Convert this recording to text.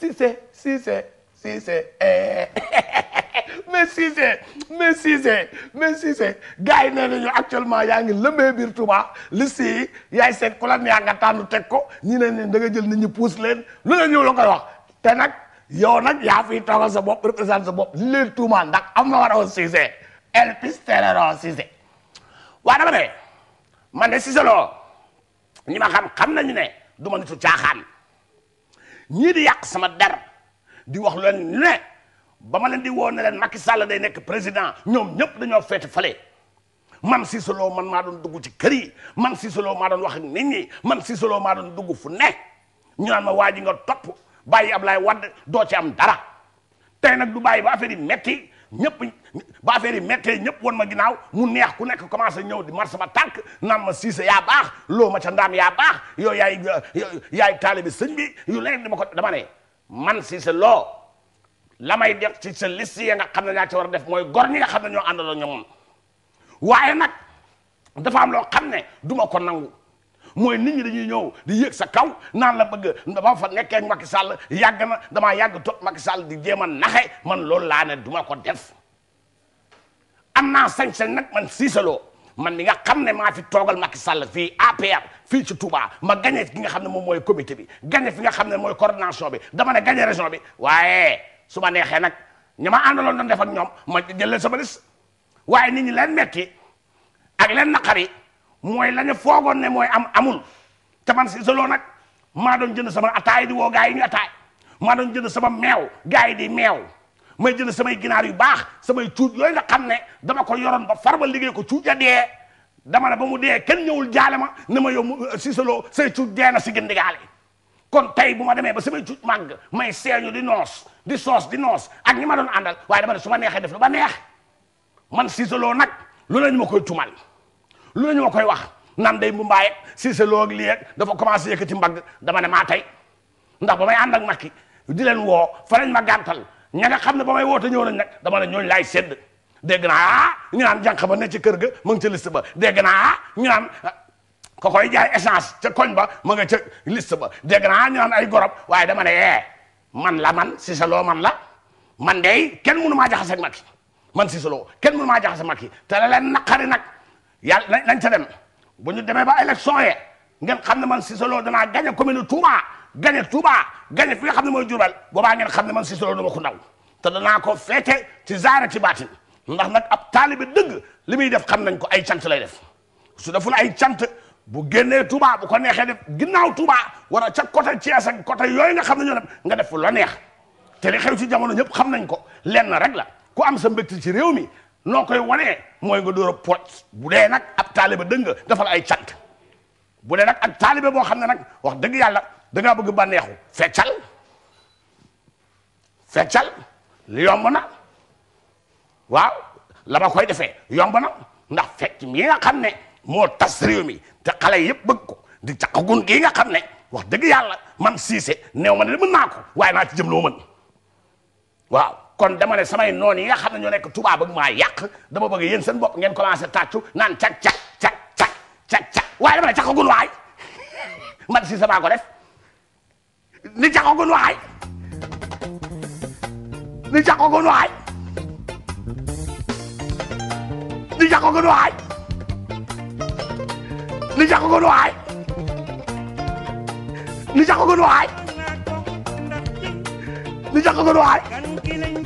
Cissé Cissé Cissé eh. mais Cissé mais Cissé mais Cissé gars yi nee nañu actuellement yaa ngi lëmbee biir Touba liste yi yaay se ku la neex nga tànn teg ko ñi ne ne da nga jël nit ñi puus leen lu la ñëw la koy wax yow nag yaa fiy toogal sa bopp représenté sa bopp li leen tuumaan ndax am na war a Cissé el pistolero Cissé waa dama ne man de Cissé Lo ñi ma xam xam nañu ne du ma nitu caaxaan ñii di yàq sama der di wax leen ne ba ma leen di woo ne leen Macky Sall day nekk président ñoom ñëpp dañoo feete fale man Cissé Lo man maa doon dugg ci kër yi man Cissé Lo maa doon wax ak nit man Cissé Lo maa doon dugg fu ne ñu naan ma waa ji nga topp bàyyi Ablaye Wade doo ci am dara tey nag du bàyyi ba affaire yi metti ñëpp ba affaire yi méttee ñëpp won ma ginnaaw mu neex ku nekk commencé ñëw di marché ba tànk naan ma Cissé yaa baax loo ma ca ndaam yaa baax yow yaay yaay taalibi sëñ bi yu leen di ma ko dama ne man Cissé loo la may def ci sa liste yi nga xam ne ñaa ci war a def mooy gor ñi nga xam ne ñoo àndaloo ñoom waaye nag dafa am loo xam ne du ko nangu mooy nit ñi dañuy ñëw di yëg sa kaw naan la bëgg dama fa nekkee ak Macky Sall yàgg na damaa yàgg toog Macky Sall di jéem a naxe man loolu laa ne duma ko def am naa sañ-sañ nag man siisaloo man mi nga xam ne maa fi toogal Macky Sall fii APR fii ci Touba ma gagné ki nga xam ne moom mooy comité bi gagné fi nga xam ne mooy coordination bi dama ne gagné région bi waaye su ma neexee nag ña ma àndaloon doon def ak ñoom ma jël leen sama liste waaye nit ñi leen metti ak leen naqari mooy la ñu foogoon ne mooy am amul te man Cissolo nag maa doon jënd sama ataay di woo gaa yi ñu ataay maa doon jënd sama meew gaa yi di meew may jënd samay ginaar yu baax samay cuuj yooyu nga xam ne dama ko yoroon ba far ba liggéey ko cuuj a dee dama ne ba mu dee kenn ñëwul jaale ma ne ma yow Cissolo euh, say cuuj dee na si gindigaale kon tey bu ma demee ba samay cuuj màgg may seeñu di noos di soos di noos ak ñi ma doon àndal waaye dama ne su ma neexee def lu ba neex man Cissolo nag lu lañu ma koy tumal lu la ñu koy wax nan day bu mbaayeg si sa loo ak lii dafa commencé yëkkati mbagg dama ne maa tey ndax ba may ànd ak Macky di leen woo fa lañ ma gàntal ña nga xam ne ba may woote ñëw nañ nag dama ne ñooñu laay sedd dégg naa ah, ñu naan jànq ba ne ci kër ga mu ngi ci liste dégg naa ah, ñu naan ah, ko koy jaay ca koñ ba ma nga ca liste ba dégg naa ñu naan ay gorob waaye dama ne eh, man la man si loo man la man dey kenn mënu maa jaxase Macky man si sa loo kenn mënu maa jaxase Macky te la leen naqari nag yàlla nañ ca dem bu ñu demee ba élection ye ngeen xam ne man Cissé solo danaa gagné commune Touba gagné Touba gagné fi nga xam ne mooy Diourbel boobaa ngeen xam ne man si Lo dama ko ndaw te danaa ko féete ci ci baatin ndax nag ab taalibe dëgg li muy def xam nañ ko ay cant lay def su deful ay cant bu génnee Touba bu ko neexee def ginnaaw Touba wara a ca côté Thiès ak côté yooyu nga xam ne ñoo dem nga def fu la neex te li xew ci jamono ñëpp xam nañ ko lenn rek la ku am sa mbégte ci réew mi noo koy wanee mooy nga door a bu dee nag ab taalibe dëgg nga defal ay cant bu dee nag ak taalibe boo xam ne nag wax dëgg yàlla da ngaa bëgg bànneexu feccal feccal li yomb na waaw la ma koy defee yomb na ndax fecc mi nga xam ne moo tas réew mi te xale yëpp bëgg ko di caqagun gii nga xam ne wax dëgg yàlla man siise néew ma ne mën naa ko waaye naa ci jëm loo mën kon dama ne samay noon yi nga xam ne ñoo nekk tubaab ak yàq dama bëgg yéen seen bopp ngeen commencé tàccu naan cak cak cak cak cak cak waaye dama ne caqagun waay man si sama ko def ni caqagun waay ni caqagun waay ni caqagun waay ni caqagun waay ni caqagun waay ni caqagun